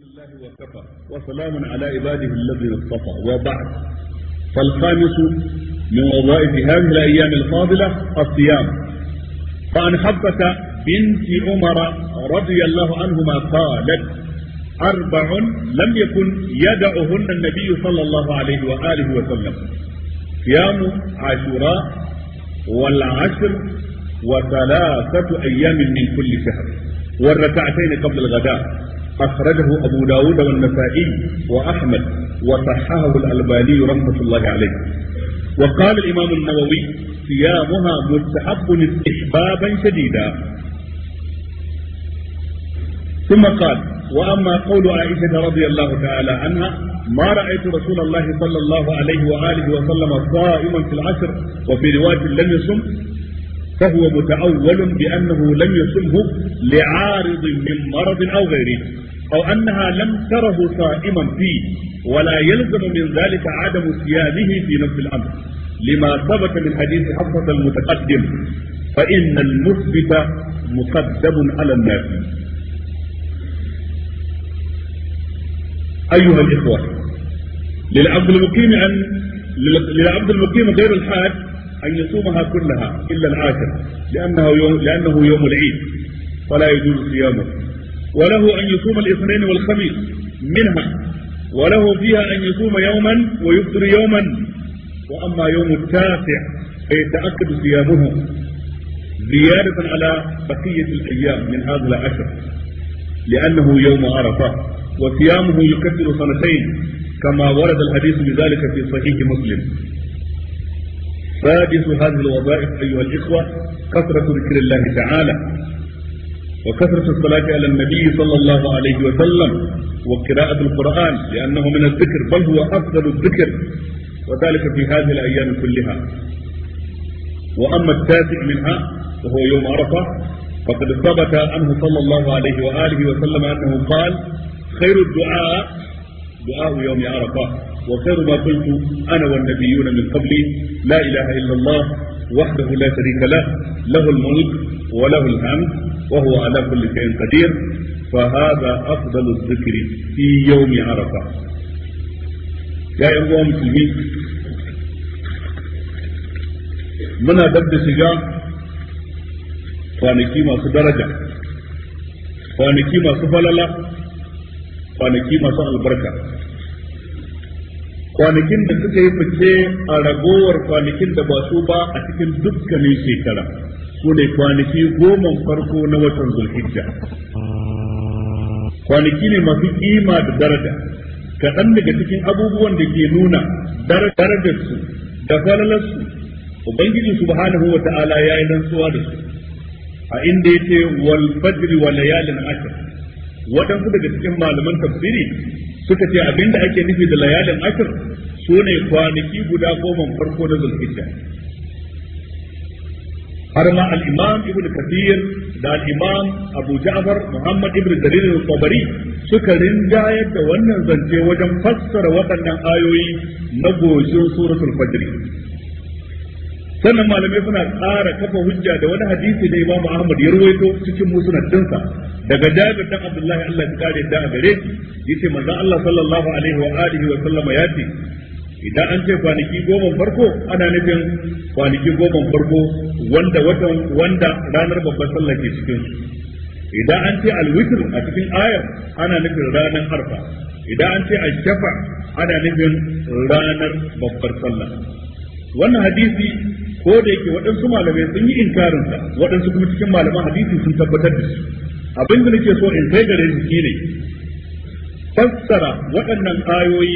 لله وكفى وسلام على عباده الذين اصطفى وبعد فالخامس من وظائف هذه الايام الفاضله الصيام فعن حبه بنت عمر رضي الله عنهما قالت اربع لم يكن يدعهن النبي صلى الله عليه واله وسلم صيام عاشوراء والعشر وثلاثه ايام من كل شهر والركعتين قبل الغداء أخرجه أبو داود والنسائي وأحمد وصححه الألباني رحمة الله عليه وقال الإمام النووي صيامها مستحب استحبابا شديدا ثم قال وأما قول عائشة رضي الله تعالى عنها ما رأيت رسول الله صلى الله عليه وآله وسلم صائما في العشر وفي رواية لم يصم فهو متأول بأنه لم يصمه لعارض من مرض أو غيره أو أنها لم تره صائما فيه ولا يلزم من ذلك عدم صيامه في نفس الأمر لما ثبت من حديث حفصة المتقدم فإن المثبت مقدم على الناس أيها الإخوة للعبد المقيم أن للعبد المقيم غير الحاج أن يصومها كلها إلا العاشر لأنه يوم, لأنه يوم العيد فلا يجوز صيامه وله أن يصوم الاثنين والخميس منها وله فيها أن يصوم يوما ويفطر يوما وأما يوم التاسع فيتأكد صيامه زيادة على بقية الأيام من هذا العشر لأنه يوم عرفة وصيامه يكثر سنتين كما ورد الحديث بذلك في صحيح مسلم سادس هذه الوظائف أيها الإخوة كثرة ذكر الله تعالى وكثرة الصلاة على النبي صلى الله عليه وسلم وقراءة القرآن لأنه من الذكر بل هو أفضل الذكر وذلك في هذه الأيام كلها وأما التاسع منها وهو يوم عرفة فقد ثبت عنه صلى الله عليه وآله وسلم أنه قال خير الدعاء دعاء يوم عرفة وخير ما قلت أنا والنبيون من قبلي لا إله إلا الله وحده لا شريك له له الملك وله الحمد وهو على كل شيء قدير فهذا أفضل الذكر في يوم عرفة يا أيها المسلمين من dab da shiga kwanaki masu daraja kwanaki masu falala kwanaki masu albarka kwanakin da suka yi fice a ragowar kwanakin da ba su ba a cikin dukkanin shekara su ne kwanaki goma farko na watan zulhijja kwanaki ne masu kima da daraja kaɗan daga cikin abubuwan da ke nuna darajarsu da falalarsu ubangiji subhanahu wa ta'ala ya yi rantsuwa da su a inda yake wal fajri wa layalin ashr waɗansu daga cikin malaman tafsiri suka ce abinda ake nufi da layalin ashr su ne kwanaki guda goma farko na zulhijja har ma al-imam ibn kathir da al-imam abu ja'far muhammad ibn dalil al-tabari suka rinjayar da wannan zance wajen fassara waɗannan ayoyi na goshin suratul fajr sannan malamai suna ƙara kafa hujja da wani hadisi da Imam ahmad ya ruwaito cikin musnad dinsa daga jabir dan abdullahi allah ya kare da a gare shi yace manzon allah sallallahu alaihi wa alihi wa sallama yace idan an ce kwanaki goma farko ana nufin kwanaki goma farko wanda watan wanda ranar babbar sallah ke cikin idan an ce alwitr a cikin ayar ana nufin ranar arfa idan an ce ashafa ana nufin ranar babbar sallah wannan hadisi ko da yake waɗansu malamai sun yi inkarin sa waɗansu kuma cikin malaman hadisi sun tabbatar da shi abin da nake so in kai gare su ne fassara waɗannan ayoyi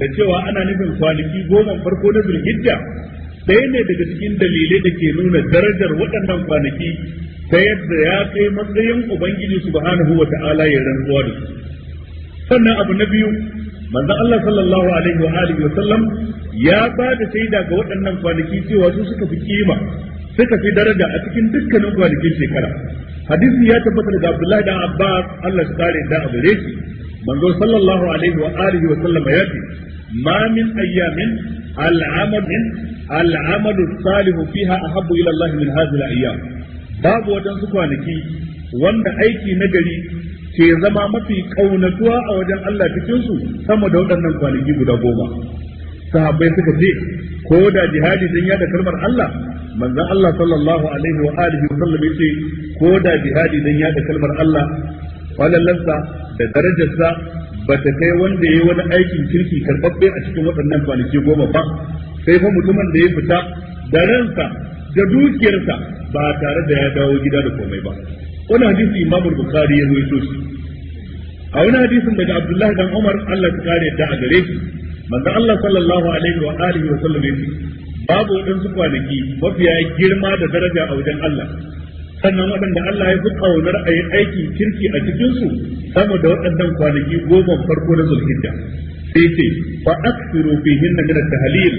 da cewa ana nufin kwanaki goma farko na zulhijja ɗaya ne daga cikin dalilai da ke nuna darajar waɗannan kwanaki ta yadda ya kai matsayin ubangiji subhanahu wa ta'ala ya rantsuwa da sannan abu na biyu manzo Allah sallallahu alaihi wa alihi wa sallam ya ba da shaida ga waɗannan kwanaki cewa su suka fi kima suka fi daraja a cikin dukkanin kwanakin shekara hadisi ya tabbata daga Abdullahi da Abbas Allah ya kare da a manzo sallallahu alaihi wa alihi wa sallam ya ce ma min ayyamin al'amalin al'amalu salihu fiha ahabbu ila Allah min hadhihi al-ayyam babu wadansu kwanaki wanda aiki na gari ke zama mafi kaunatuwa a wajen Allah cikin su sama da waɗannan kwanaki guda goma sahabbai suka ce ko da jihadi dan yada kalmar Allah manzon Allah sallallahu alaihi wa alihi wa sallam yace ko da jihadi dan yada kalmar Allah falalarsa da darajarsa ba ta kai wanda ya yi wani aikin kirki karɓaɓɓe a cikin waɗannan kwanaki goma ba sai fa mutumin da ya fita da ransa da dukiyarsa ba tare da ya dawo gida da komai ba wani hadisi imamul bukhari ya rawaito shi a wani hadisin daga abdullahi dan umar Allah ya kare da a gare shi manzo Allah sallallahu alaihi wa alihi wa sallam yace babu wadansu kwanaki mafiya girma da daraja a wajen Allah sannan waɗanda Allah ya fi ƙaunar a yi aikin kirki a cikinsu sama da waɗannan kwanaki goma farko na zulhijja sai ce fa aksiru fihin na min tahlil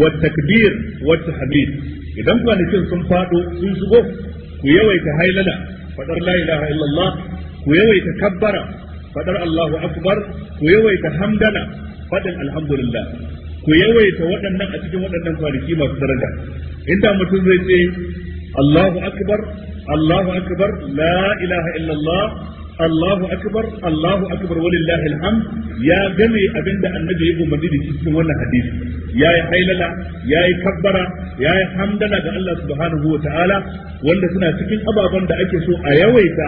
wa takbir wa tahmid idan kwanakin sun fado sun shigo ku yawaita hailala fadar la ilaha illallah ku yawaita kabbara fadar Allahu akbar ku yawaita hamdana fadin alhamdulillah ku yawaita waɗannan a cikin waɗannan kwanaki masu daraja inda mutum zai ce Allahu akbar Allahu akbar la ilaha illallah Allahu akbar Allahu akbar walillahi alhamd ya game abinda annabi ya umarni da cikin wannan hadisi yayi hailala yayi kabbara yayi hamdala ga Allah subhanahu wa ta'ala wanda suna cikin ababen da ake so a yawaita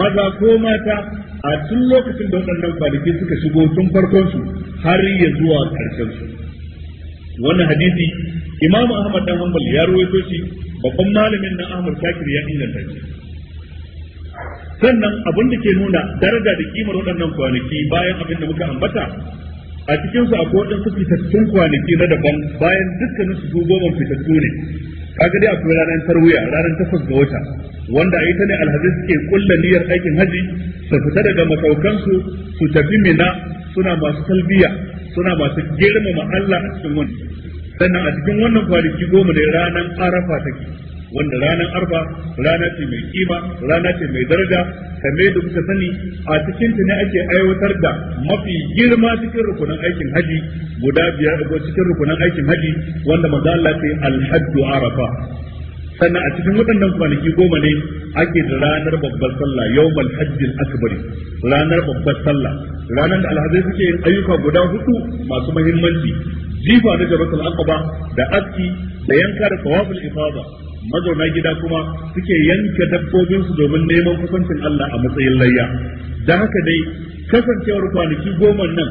maza ko mata a tun lokacin da waɗannan kwanaki suka shigo tun farkon su har ya zuwa ƙarshen su wannan hadisi Imam Ahmad dan Hanbal ya rawaito shi babban malamin nan Ahmad Shakir ya inganta shi sannan abin da ke nuna daraja da kimar waɗannan kwanaki bayan abin da muka ambata a cikin su akwai waɗansu fitattun kwanaki na daban bayan dukkanin su goma fitattu ne kaga dai akwai ranar tarwiya ranar takwas ga wata wanda a ita ne alhaji suke kulla niyyar aikin haji su fita daga makaukansu su tafi mina suna masu talbiya suna masu girmama Allah a cikin wani. sannan a cikin wannan kwanaki goma ne ranar arafa take wanda ranar arba rana ce mai kima rana ce mai daraja kame da kuka sani a cikin ta ne ake aiwatar da mafi girma cikin rukunin aikin haji guda biyar cikin rukunin aikin haji wanda maza Allah ya arafa sannan a cikin waɗannan kwanaki goma ne ake da ranar babbar sallah yau hajjin akbari ranar babbar sallah ranar da alhazai suke yin ayyuka guda hudu masu mahimmanci jifa na jabatul aqaba da aski da yanka da kawafin ifada mazauna gida kuma suke yanka dabbobin su domin neman kusancin Allah a matsayin layya da haka dai kasancewar kwanaki goma nan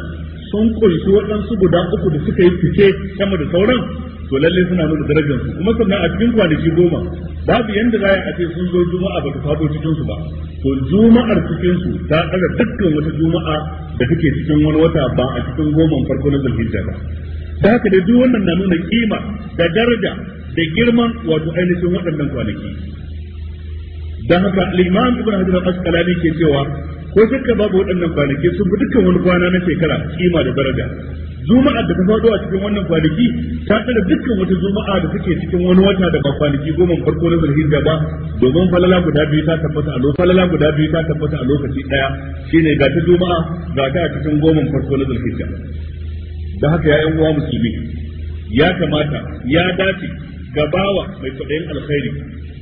sun kunshi waɗansu guda uku da suka yi fice sama da sauran to lalle suna nuna darajar su kuma sannan a cikin kwanaki goma babu yanda za a ce sun zo juma'a ba ta faɗo cikin su ba to juma'ar cikin su ta daga dukkan wata juma'a da take cikin wani wata ba a cikin goma farko na zulhijja ba da haka dai duk wannan na nuna kima da daraja da girman wato ainihin waɗannan kwanaki dan haka al ibn hajar al-asqalani ke cewa ko shakka babu waɗannan kwanaki sun fi dukkan wani kwana na shekara kima da daraja juma'a da ta faɗo a cikin wannan kwanaki ta tsara dukkan wata juma'a da take cikin wani wata da ba kwanaki goma farko na zulhijja ba domin falala guda biyu ta tabbata a lokaci falala guda biyu ta tabbata a lokaci daya shine ga ta juma'a ga ta a cikin goma farko na zulhijja da haka ya yan uwa musulmi ya kamata ya dace gabawa mai kwaɗayin alkhairi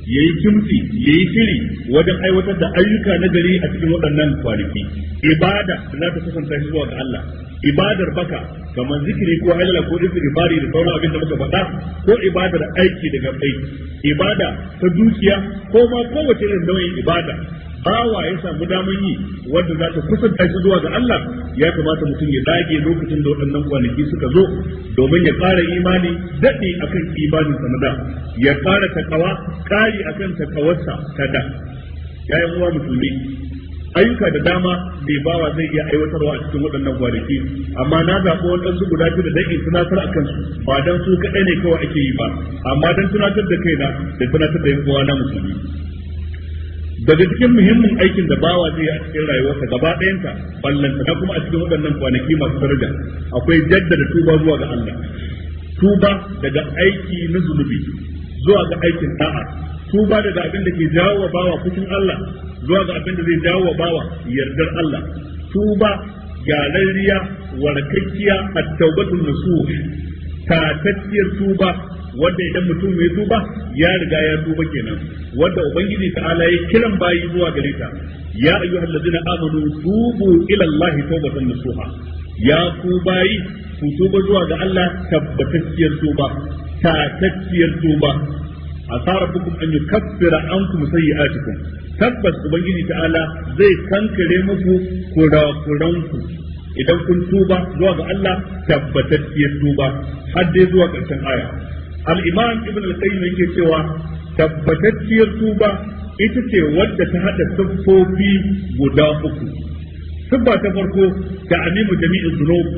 yayi kimtsi yayi shiri wajen aiwatar da ayyuka na gari a cikin waɗannan kwanaki ibada za ta kasance shi zuwa ga Allah ibadar baka kamar zikiri ko halala ko istighfari da sauran abin da muka faɗa ko ibadar aiki daga bai ibada ta dukiya ko ma kowace irin nauyin ibada bawa ya samu daman yi wanda za ta kusanta shi zuwa ga Allah ya kamata mutum ya dage lokacin da waɗannan kwanaki suka zo domin ya fara imani daɗe akan imanin sa da ya fara takawa ƙari akan takawarsa ta da yayin uwa musulmi ayyuka da dama bai bawa zai iya aiwatarwa a cikin waɗannan kwanaki amma na zaɓi waɗansu guda biyu da dan in tunatar a kansu ba dan su kaɗai ne kawai ake yi ba amma dan tunatar da kaina da tunatar da yan uwa na musulmi daga cikin muhimmin aikin da bawa zai a cikin rayuwarsa gaba ɗayanta ballanta na kuma a cikin waɗannan kwanaki masu daraja akwai jaddada tuba zuwa ga Allah tuba daga aiki na zunubi zuwa ga aikin da'a tuba daga abin da ke jawo wa bawa fushin Allah zuwa ga abin da zai jawo wa bawa yardar Allah tuba galarriya warakakkiya at-tawbatun nasuh tatacciyar tuba wanda idan mutum ya duba ya riga ya duba kenan wanda ubangiji ta'ala ya kiran bayi zuwa gare ta ya ayyuhal ladina amanu tubu ila Allah tawbatan nasuha ya ku bayi ku tuba zuwa ga Allah tabbatacciyar tuba tatacciyar tuba asa rabbukum an yukaffira ankum sayyi'atikum tabbas ubangiji ta'ala zai kankare muku kurakuranku idan kun tuba zuwa ga Allah tabbatacciyar tuba har dai zuwa ƙarshen aya al-imam ibn al-qayyim yake cewa tabbatacciyar tuba ita ce wadda ta haɗa siffofi guda uku siffa ta farko ta amimu jami'in zunub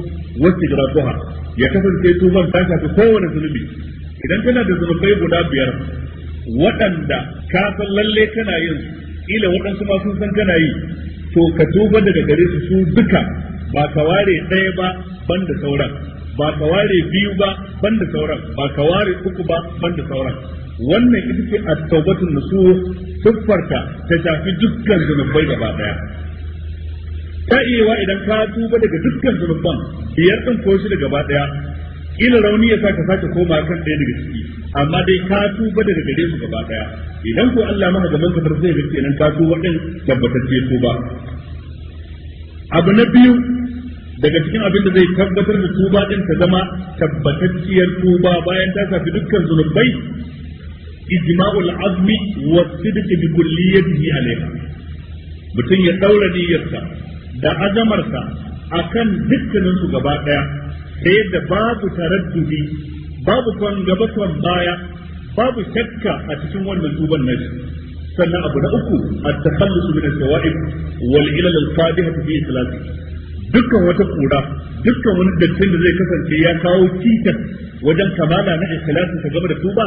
wa tigratuha ya kasance tuban ta shafi kowane zunubi idan tana da zunubai guda biyar waɗanda ka san lalle kana yin ila waɗansu ma sun san kana yi to ka tuba daga gare su duka ba ka ware ɗaya ba banda sauran ba ka ware biyu ba banda sauran ba ka ware uku ba banda sauran wannan ita ce a taubatun nasu siffarta ta shafi dukkan zunubai gaba daya ta iya idan ka tuba daga dukkan zunuban biyar din ko shi gaba daya ila rauni ya saka sake koma kan ɗaya daga ciki amma dai ka tuba daga gare su gaba daya idan ko Allah maka gaban ka zai ga nan ka tuba din tabbatacce tuba abu na biyu daga cikin abin da zai tabbatar da tuba din ta zama tabbatacciyar tuba bayan ta safi dukkan zunubai ijma'ul azmi wa sidq bi kulliyatihi alaiha mutum ya daura niyyarsa da azamarsa akan dukkanin su gaba daya sai da babu taraddudi babu kan gaba kan baya babu shakka a cikin wannan tuban nashi sannan abu na uku at-takhallusu min as-sawa'ib wal ilal al-qadihah fi dukkan wata kura dukkan wani dattin da zai kasance ya kawo cikas wajen kamala na ikhlasin ka gaba da tuba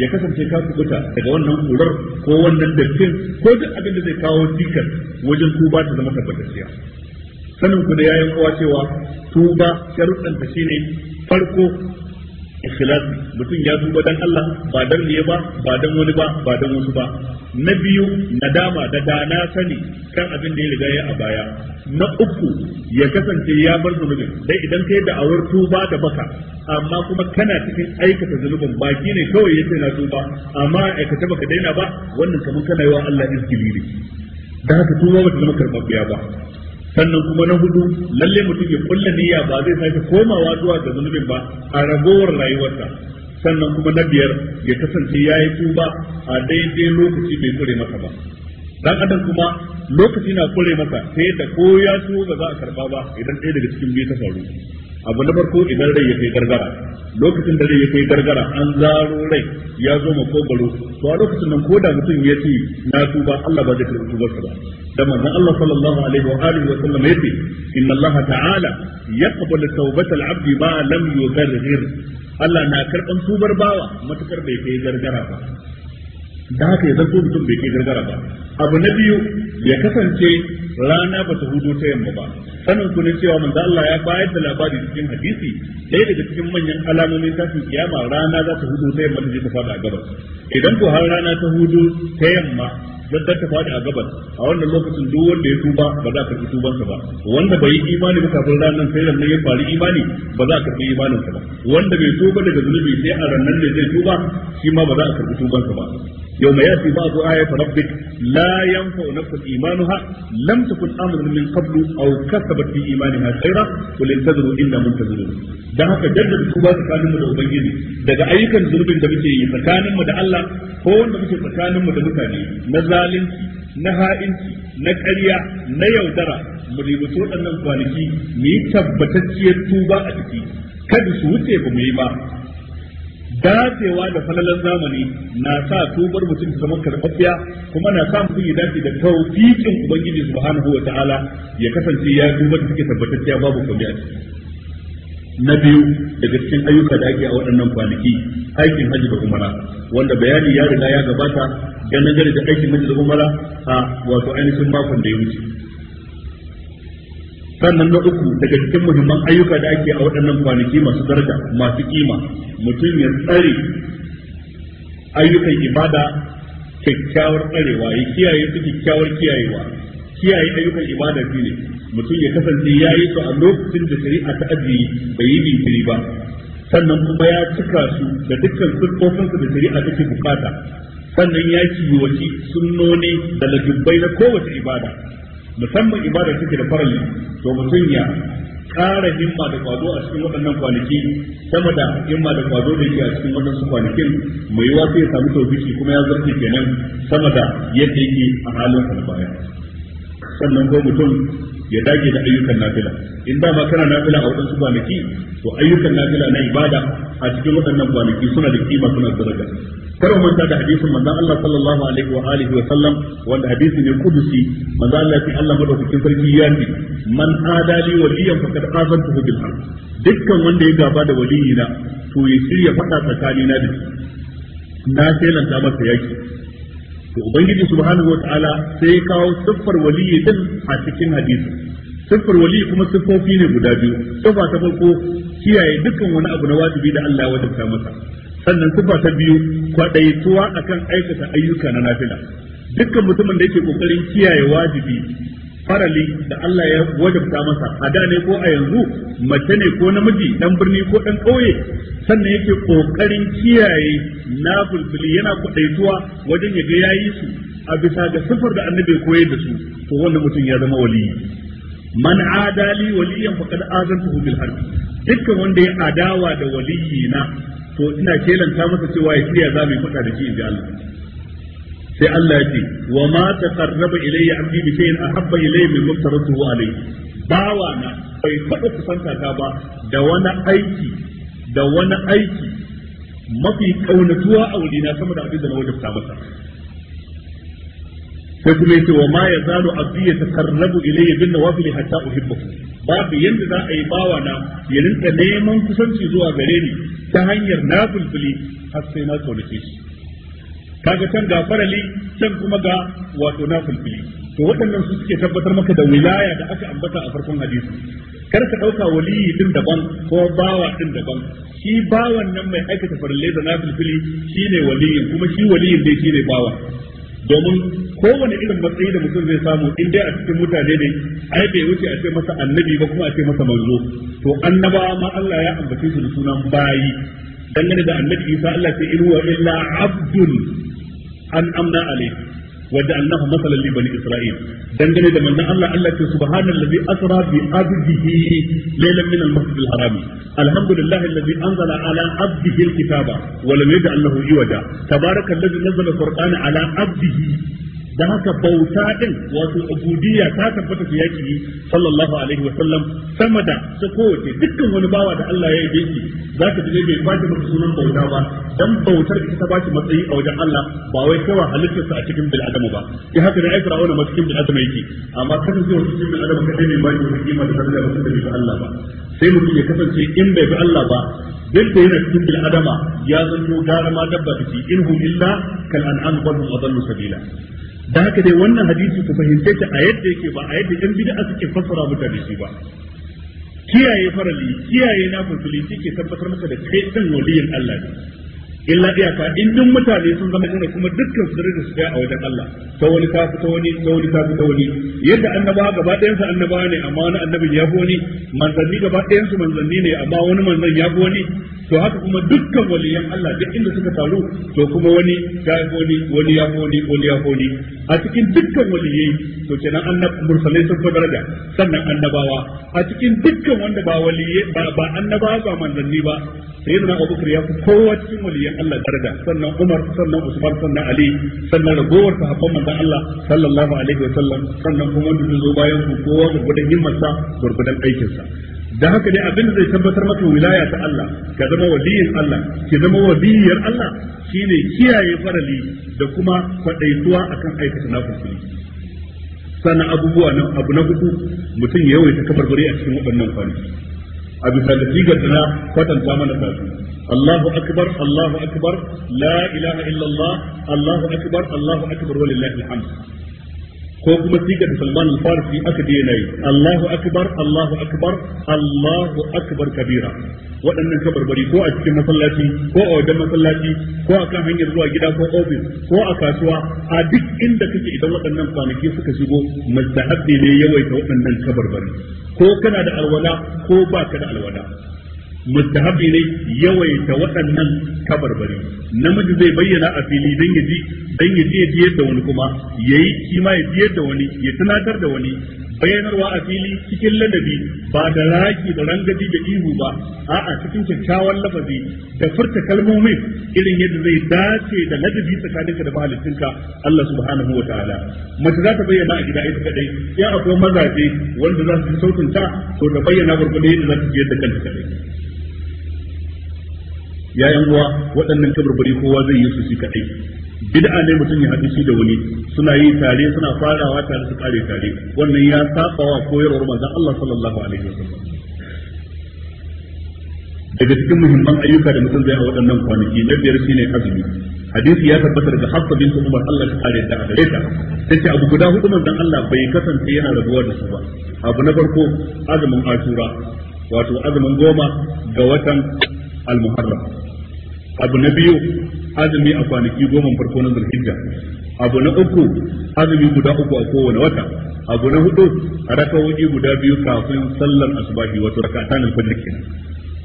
ya kasance ka kubuta daga wannan kurar ko wannan dattin ko duk abin da zai kawo cikas wajen tuba ta zama tabbatacciya sanin ku da yayin kowa cewa tuba sharuɗan ta shine farko ikhlas mutum ya duba dan Allah ba dan riya ba ba dan wani ba ba dan wasu ba na biyu nadama da dana sani kan abin da ya riga ya a baya na uku ya kasance ya bar zunubin dai idan kai da awar tuba da baka amma kuma kana cikin aikata zunubin baki ne kawai yace na tuba amma aikata baka daina ba wannan kamar kana yi wa Allah izgili da haka tuba ba ta zama karɓaɓɓiya ba sannan kuma na hudu lalle mutum ya kulla niyya ba zai sake komawa zuwa ga zunubin ba a ragowar rayuwarsa sannan kuma na biyar ya kasance ya yi tuba a daidai lokaci bai kure masa ba dan adam kuma lokaci na kure masa sai da ko ya tuba ba za a karba ba idan ɗaya daga cikin biyu ta faru abu na farko idan rai ya kai gargara lokacin da zai kai gargara an zaro rai ya zo makogaro to a lokacin nan ko da mutum ya ce na tuba Allah ba zai karɓi tubar ba da manzon Allah sallallahu alaihi wa alihi wa sallam yace inna Allah ta'ala yaqbalu al abdi ma lam yughrir Allah na karɓan tubar bawa matukar bai kai gargara ba da haka ya zarto mutum bai kai gargara ba abu na biyu ya kasance rana ba ta hudu ta yamma ba sanin ku ne cewa manzo Allah ya bayar da labari cikin hadisi ɗaya daga cikin manyan alamomin tashin kiyama rana za ta hudu ta yamma ta je ta fada a gabas idan ko har rana ta hudu ta yamma zan ta fada a gabas a wannan lokacin duk wanda ya tuba ba za ka karɓi tubansa ba wanda bai yi imani ba kafin ranar sai ranar ya faru imani ba za a karɓi imaninsa ba wanda bai tuba daga zunubi sai a ranar da zai tuba shi ma ba za a karɓi tubansa ba يوم يأتي بعض آية ربك لا ينفع نفسا إيمانها لم تكن آمنا من قبل أو كسبت في إيمانها خيرا قل انتظروا إنا منتظرون da haka jaddada ba tsakaninmu da ubangiji daga ayyukan zurbin da muke yi tsakaninmu da Allah ko wanda muke tsakaninmu da mutane na zalunci na ha'inci na ƙarya na yaudara mu ributo waɗannan kwanaki mu yi tabbatacciyar tuba a ciki kada su wuce ba mu yi ba dacewa da falalan zamani na sa tubar mutum ta zama karfafiya kuma na sa mutum ya dace da taufikin ubangiji subhanahu ta'ala ya kasance ya duba da take tabbatacciya babu komai a ciki na biyu daga cikin ayyuka da ake a waɗannan kwanaki aikin hajji da umara wanda bayani ya riga ya gabata ganin gari da aikin hajji da umara a wato ainihin makon da ya wuce sannan na uku daga cikin muhimman ayyuka da ake a waɗannan kwanaki masu daraja masu kima mutum ya tsare ayyukan ibada kyakkyawar tsarewa ya kiyaye su kyakkyawar kiyayewa kiyaye ayyukan ibada shi ne mutum ya kasance ya yi su a lokacin da shari'a ta ajiye bai yi jinkiri ba sannan kuma ya cika su da dukkan siffofinsu da shari'a take bukata sannan ya kiwaci sunnoni da lajubbai na kowace ibada musamman ibada take da farali to mutum ya ƙara himma da kwazo a cikin waɗannan kwanaki sama da himma da kwazo da yake a cikin waɗansu kwanakin mai yiwa sai ya samu tawfiki kuma ya zarce kenan sama da yadda yake a halin sa sannan ko mutum ya dage da ayyukan nafila in dama ma kana nafila a wadansu kwanaki to ayyukan nafila na ibada a cikin waɗannan kwanaki suna da kima suna da daraja kar mu manta da hadisin manzon Allah sallallahu alaihi wa alihi wa sallam wanda hadisin ne kudusi manzon Allah ya ce Allah madaukakin sarki ya ce man adali waliyan faqad azantuhu bil harb dukkan wanda ya gaba da waliyina to ya shirya fada tsakanina da shi na ta masa yaki to ubangiji subhanahu sai ya kawo siffar waliyi din a cikin hadisi siffar waliyi kuma siffofi ne guda biyu siffa ta farko kiyaye dukkan wani abu na wajibi da Allah ya wajabta masa sannan sifa ta biyu kwadaituwa akan aikata ayyuka na nafila dukkan mutumin da yake kokarin kiyaye wajibi farali da Allah ya wajabta masa a da ne ko a yanzu mace ne ko namiji dan birni ko dan kauye sannan yake kokarin kiyaye na yana kwadaituwa wajen ya ga yayi su a bisa ga sifar da annabi koyar da su to wannan mutum ya zama wali. man adali waliyan faqad azantuhu bil harbi dukkan wanda ya adawa da waliyina to ina kelanta masa cewa ya kiyaye za mu yi faɗa da shi in ji Allah sai Allah ya ce wa ma taqarraba ilayya abdi bi shay'in ahabba ilayya min taratuhu alayhi bawa na bai taɓa kusanta ta ba da wani aiki da wani aiki mafi kaunatuwa a wurina sama da abin da na wajabta masa sai kuma yace wa ma yazalu abdi yatakarrabu ilayya bin nawafil hatta uhibbu babu yanda za a yi bawa na ya rinka neman kusanci zuwa gare ni ta hanyar nafulfuli har sai na kaunace shi kaga can ga farali can kuma ga wato nafulfuli to waɗannan su suke tabbatar maka da wilaya da aka ambata a farkon hadisi kar ka ɗauka waliyi din daban ko bawa din daban shi bawan nan mai aikata farallai da nafulfuli shine waliyin kuma shi waliyin dai shine bawa domin kowane irin matsayi da mutum zai samu in dai a cikin mutane ne ai bai wuce a ce masa annabi ba kuma a ce masa manzo to annaba ma Allah ya ambace su da sunan bayi dangane da annabi Isa Allah ce in huwa illa abdun an amna alayhi wadda annahu masalan li bani isra'il dangane da manzon Allah Allah ce subhanallazi asra bi abdihi laylan min al-masjid al-haram alhamdulillahi allazi anzala ala abdihi al-kitaba wa lam yaj'al lahu iwaja tabarakallazi nazzala al-qur'ana ala abdihi da haka bauta din wato ubudiyya ta tabbata su yaki sallallahu alaihi wa sallam sama da su kowace dukkan wani bawa da Allah ya yi shi zaka ji bai kwace maka sunan bauta ba dan bautar da ta bashi matsayi a wajen Allah ba wai kawai halittar sa a cikin bil adamu ba ya haka ne ai fir'auna ma cikin bil adamu yake amma kada zai cikin bil adamu kadai ne ba shi kima da daraja ba da bai Allah ba sai mutum ya kasance in bai bi Allah ba duk da yana cikin bil adama ya zanto gara ma dabba da in hum illa kal an'am wa adallu sabila da haka dai wannan hadisi ku fahimce ta a yadda yake ba a yadda yan bid'a suke fassara mutane shi ba kiyaye farali kiyaye na fulfuli ke tabbatar maka da kai din waliyin Allah ne illa iyaka in duk mutane sun zama kana kuma dukkan su da su a wajen Allah ta wani ta wani ta wani ta fita wani yadda annaba gaba ɗayan su annaba ne amma wani annabin ya fi wani manzanni gaba ɗayan su manzanni ne amma wani manzan ya fi wani to haka kuma dukkan waliyan Allah duk inda suka taru to kuma wani ya wani wani ya wani wani ya wani a cikin dukkan waliyai to kenan annab mursalai sun fi daraja sannan annabawa a cikin dukkan wanda ba waliyai ba ba annabawa ba manzanni ba sayyidina Abubakar ya fi kowa cikin waliyan Allah daraja sannan Umar sannan Usman sannan Ali sannan ragowar sahabban manzon Allah sallallahu alaihi wa sallam sannan kuma wanda zo bayan su kowa gurgudan himmarsa gurgudan aikinsa da haka ne abin da zai tabbatar maka wilaya ta Allah ka zama waliyin Allah ki zama waliyar Allah shine kiyaye farali da kuma kwadaituwa akan aikata nafili sannan abubuwa nan abu na hudu mutum ya yawaita kafar gari a cikin waɗannan kwanaki a bisa da sigar da na kwatanta mana tasu Allahu akbar Allahu akbar la ilaha illallah Allahu akbar Allahu akbar walillahi alhamd ko kuma siga da Salman al aka je nayi Allahu akbar Allahu akbar Allahu akbar kabira waɗannan kabarbari ko a cikin masallaci ko a wajen masallaci ko a kan hanyar zuwa gida ko ofis, ko a kasuwa a duk inda kake idan waɗannan kwanaki suka shigo mustahabbi ne yawaita waɗannan kabarbari ko kana da alwala ko baka da alwala mustahabi ne yawaita waɗannan kabarbari namiji zai bayyana a fili don yaji yaji ya jiyar da wani kuma yayi shi ma ya biyar da wani ya tunatar da wani bayyanarwa a fili cikin ladabi ba da raki da rangaji da ihu ba a'a cikin kyakkyawan lafazi da furta kalmomin irin yadda zai dace da ladabi tsakaninka da mahalicinka Allah subhanahu wa ta'ala mace za ta bayyana a gida ita kadai ya akwai mazaje wanda za su sautunta to ta bayyana gurgurda yadda za ta biyar da kanta kadai ya yan uwa waɗannan tabarbari kowa zai yi su shi kaɗai bid'a ne mutum ya haɗu shi da wani suna yi tare suna farawa tare su kare tare wannan ya saba wa koyarwar manzon Allah sallallahu alaihi wasallam daga cikin muhimman ayyuka da mutum zai a waɗannan kwanaki na biyar shine azumi hadisi ya tabbatar da hafsa bin umar Allah ta kare da gare ta ce abu guda hudu manzon Allah bai kasance yana rabuwa da su ba abu na farko azumin asura wato azumin goma ga watan al-muharram abu na biyu azumi a kwanaki goma farko na zulhijja abu na uku azumi guda uku a kowane wata abu na hudu rakawoyi guda biyu kafin sallar asubahi wato rakatan alfajr kenan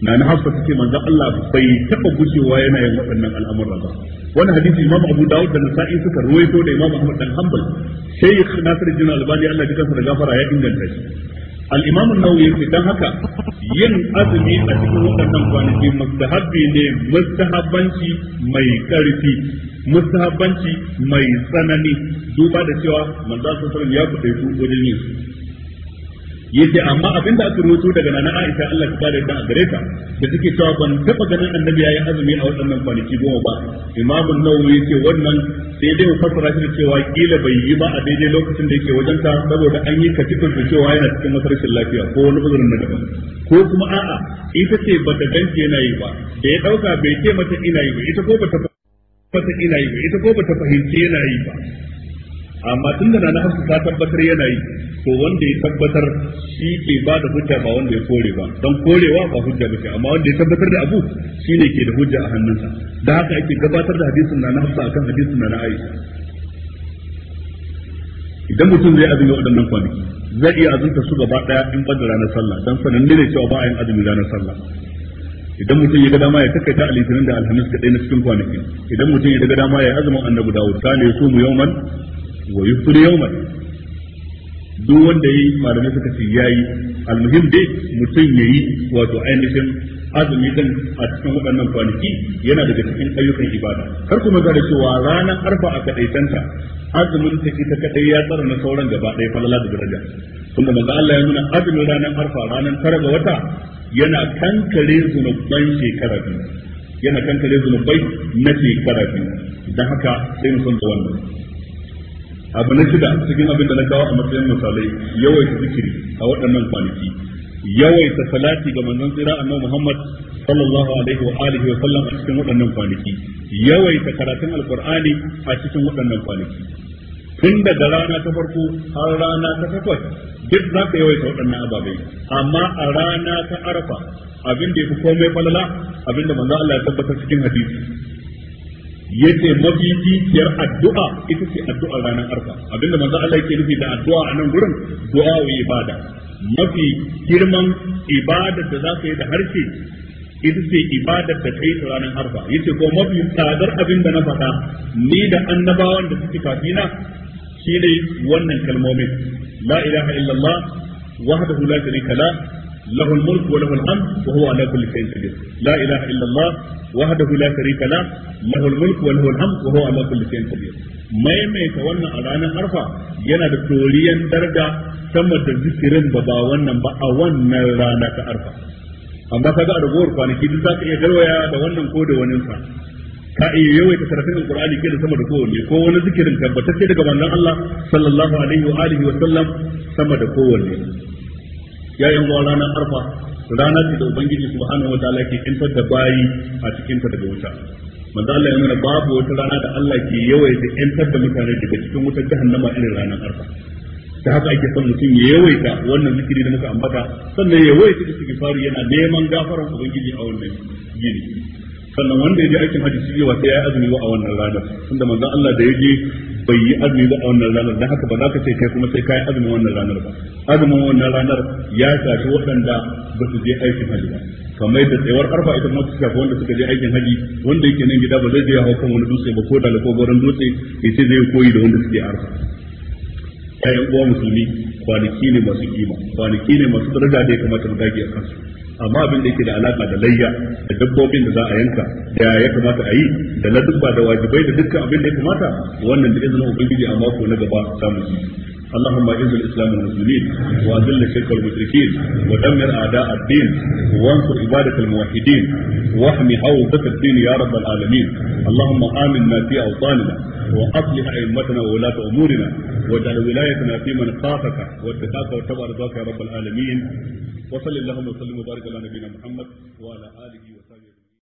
na na hafsa take manzo Allah bai taba gushewa yana yin waɗannan al'amuran ba wani hadisi Imam Abu Dawud da Nasa'i suka ruwaito da Imam Ahmad dan Hanbal Sheikh Nasir Jin Albani Allah ya kasa da gafara ya inganta shi al-imam an-nawawi dan haka yin azumi a cikin waɗannan kwanaki mustahabbi ne mustahabbanci mai karfi mustahabbanci mai tsanani duba da cewa manzo sallallahu alaihi wasallam ya fada su wajen yin yace amma abinda aka rubuto daga nana Aisha Allah ta bada da gare ta da take cewa ban taba ganin annabi yayin azumi a waɗannan kwanaki goma ba Imam an-Nawawi yace wannan sai dai mu fassara shi cewa kila bai yi ba a daidai lokacin da yake wajen ta saboda an yi katifin da cewa yana cikin masarashin lafiya ko wani uzurin na daban ko kuma a'a ita ce bata ganci yana yi ba da ya dauka bai ce mata ina yi ba ita ko bata ina yi ba ita ko bata fahimci yana yi ba amma tun da na hafsa ta tabbatar yana yi to wanda ya tabbatar shi ke ba da hujja ba wanda ya kore ba don korewa ba hujja ba ce amma wanda ya tabbatar da abu shi ne ke da hujja a hannunsa da haka ake gabatar da hadisin na hafsa akan hadisin na aisha idan mutum zai azumi waɗannan kwanaki zai iya azumta su gaba ɗaya in ban ranar sallah don sananne ne cewa ba a yin azumi ranar sallah idan mutum ya ga dama ya takaita a litinin da alhamis kaɗai na cikin kwanaki idan mutum ya ga dama ya yi azumin annabi dawud ta ne su mu man wa yufsiru yawman duk wanda yayi malamai suka ce yayi almuhim dai mutum yayi wato ainihin azumi din a cikin waɗannan kwanaki yana daga cikin ayyukan ibada kar kuma ga da cewa ranar arba a kadaitanta azumin take ta kadai ya tsara na sauran gaba ɗaya falala da daraja kuma manzo Allah ya nuna azumin ranar arfa ranar tara ga wata yana kankare zunuban shekara biyu yana kankare zunubai na shekara biyu don haka sai mu san da wannan abu na shida cikin abin da na kawo a matsayin misalai yawaita zikiri a waɗannan kwanaki yawaita salati ga manzon tsira annabi Muhammad sallallahu alaihi wa alihi wa sallam a cikin waɗannan kwanaki yawaita karatun alqur'ani a cikin waɗannan kwanaki tun daga rana ta farko har rana ta takwas duk za ka yawaita waɗannan ababai amma a rana ta arafa abin da ya fi komai falala abin da manzo Allah ya tabbatar cikin hadisi yace mafificiyar addu'a ita ce addu'a ranar arfa abinda manzo Allah yake nufi da addu'a a nan gurin du'a wa ibada mafi girman ibada da za ka yi da harshe ita ce ibada da kai ta ranar arfa yace ko mafi tsadar abin da na faɗa ni da annabawan da suke kafina shine wannan kalmomin la ilaha illallah wahdahu la sharika la له الملك وله الحمد وهو على كل شيء قدير لا اله الا الله وحده لا شريك له له الملك وله الحمد وهو على كل شيء قدير maimaita wannan a ranar arfa yana da toriyan darda sama da zikirin ba ba wannan ba a wannan rana ta arfa amma kaga a ragowar kwanaki duk ka iya garwaya da wannan ko da ka iya yawaita karatun alqur'ani ke da sama da kowanne ko wani zikirin tabbatacce daga manzon Allah sallallahu alaihi wa alihi wa sallam sama da kowanne ya yi ranar arfa rana ce da ubangiji subhanahu wa ta'ala ke kintar da bayi a cikin ta daga wuta manzo Allah ya nuna babu wata rana da Allah ke yawaita kintar da mutane daga cikin wutar nama irin ranar arfa da haka ake son mutum ya yawaita wannan zikiri da muka ambata sannan ya yawaita faru yana neman gafarar ubangiji a wannan yini sannan wanda ya je aikin hajji shi yawa sai ya yi azumi a wannan ranar tunda manzon Allah da ya je bai yi azumi ba a wannan ranar dan haka ba za ka ce kai kuma sai ka yi azumin wannan ranar ba azumin wannan ranar ya shafi waɗanda ba su je aikin hajji ba kamar yadda tsayuwar arfa ita ma ta shafi wanda suka je aikin hajji wanda yake nan gida ba zai je ya hau kan wani dutse ba ko da ko goron dutse ya ce zai koyi da wanda suke arfa ya uwa musulmi kwanaki ne masu kima kwanaki ne masu daraja da ya kamata mu dage a kansu amma abin da yake da alaka da layya da dabbobin da za a yanka da ya kamata a yi da ladubba da wajibai da dukkan abin da ya kamata wannan da izinin ubangiji a mako na gaba samu shi اللهم اعز الاسلام والمسلمين واذل الشرك والمشركين ودمر اعداء الدين وانصر عبادك الموحدين واحم حوزه الدين يا رب العالمين اللهم امنا في اوطاننا واصلح ائمتنا وولاة امورنا واجعل ولايتنا في من خافك واتقاك واتبع رضاك يا رب العالمين وصل اللهم وسلم وبارك صلى على نبينا محمد وعلى اله